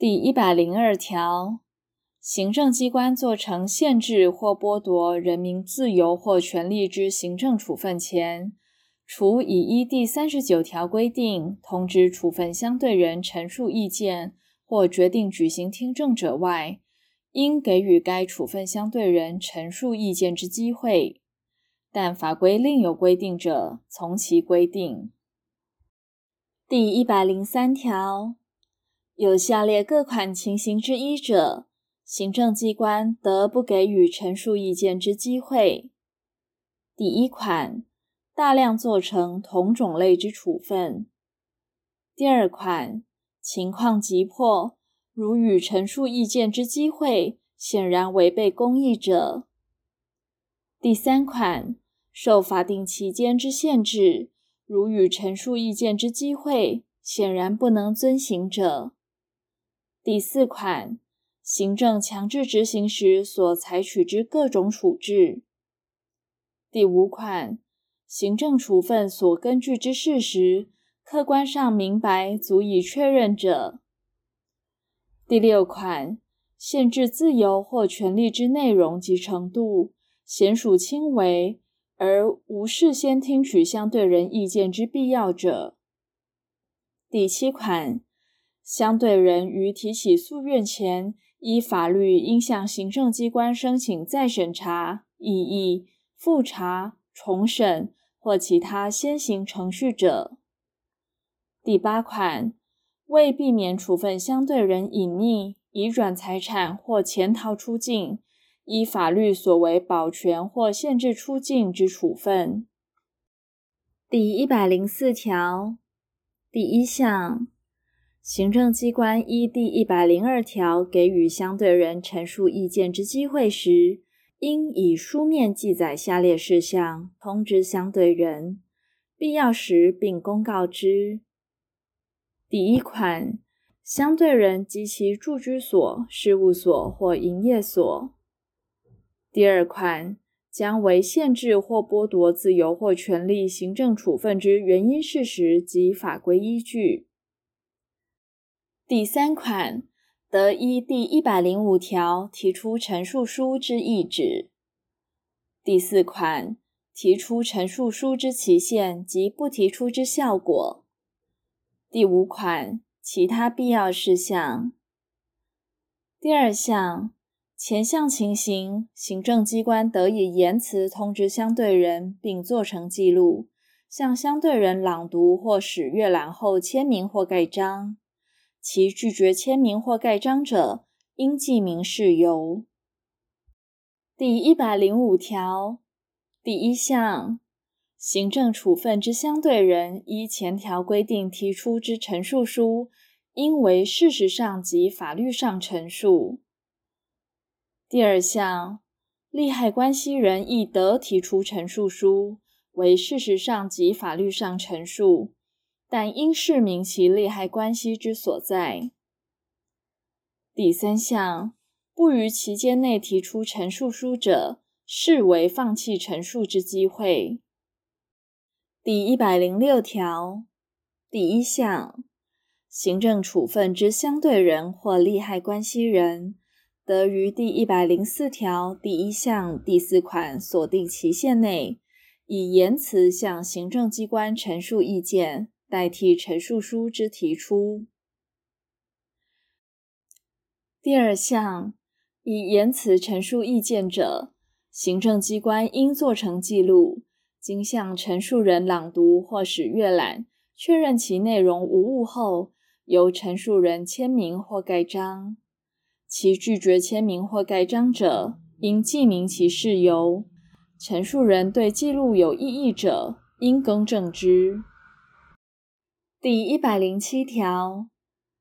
第一百零二條，行政機關作成限制或剝奪人民自由或權利之行政處分前，除已依第三十九條規定通知處分相對人陳述意見或決定舉行聽證者外，應給予該處分相對人陳述意見之機會，但法規另有規定者，從其規定。第一百零三條。有下列各款情形之一者，行政機關得不給予陳述意見之機會。第一款，大量做成同種類之處分；第二款，情況急迫，如予陳述意見之機會顯然違背公益者；第三款，受法定期間之限制，如予陳述意見之機會顯然不能遵行者。第四款，行政強制執行時所採取之各種處置。第五款，行政處分所根據之事實，客觀上明白足以確認者。第六款，限制自由或權利之內容及程度，顯屬輕微，而無事先聽取相對人意見之必要者。第七款。相對人於提起訴願前，依法律應向行政機關申請再審查、異議、複查、重審或其他先行程序者。第八款，為避免處分相對人隱匿、移轉財產或潛逃出境，依法律所為保全或限制出境之處分。第一百零四條第一項，行政機關依第一百零二條給予相對人陳述意見之機會時，應以書面記載下列事項，通知相對人，必要時並公告之。第一款，相對人及其住居所、事務所或營業所。第二款，將為限制或剝奪自由或權利行政處分之原因事實及法規依據。第三款，得依第一百零五條提出陳述書之意旨。第四款，提出陳述書之期限及不提出之效果。第五款，其他必要事項。第二項，前項情形，行政機關得以言辭通知相對人，並做成記錄，向相對人朗讀或使閱覽後簽名或蓋章。其拒絕簽名或蓋章者，應記明事由。第一百零五條第一項，行政處分之相對人依前條規定提出之陳述書，應為事實上及法律上陳述。第二項，利害關係人亦得提出陳述書，為事實上及法律上陳述。但應釋明其利害關係之所在。第三項，不於期間內提出陳述書者，視為放棄陳述之機會。第一百零六條第一項，行政處分之相對人或利害關係人，得於第一百零四條第一項第四款所定期限內，以言詞向行政機關陳述意見。代替陳述書之提出。第二項，以言辭陳述意見者，行政機關應做成記錄，經向陳述人朗讀或使閱覽，確認其內容無誤後，由陳述人簽名或蓋章。其拒絕簽名或蓋章者，應記明其事由。陳述人對記錄有異議者，應更正之。第一百零七條，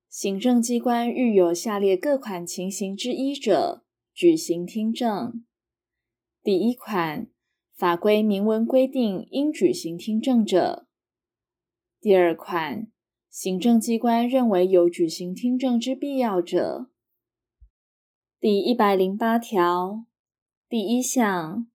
行政機關遇有下列各款情形之一者，舉行聽證。第一款，法規明文規定應舉行聽證者；第二款，行政機關認為有舉行聽證之必要者。第一百零八條，第一項，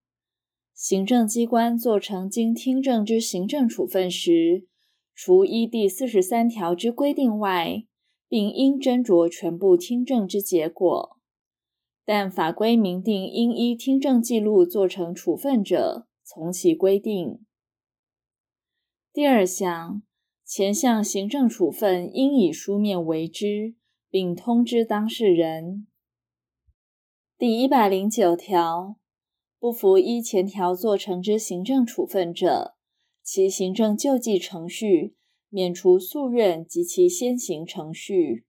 行政機關做成經聽證之行政處分時，除依第四十三條之規定外，並應斟酌全部聽證之結果；但法規明定應依聽證記錄做成處分者，從其規定。第二項，前項行政處分應以書面為之，並通知當事人。第一百零九條不服依前條做成之行政處分者。其行政救濟程序，免除訴願及其先行程序。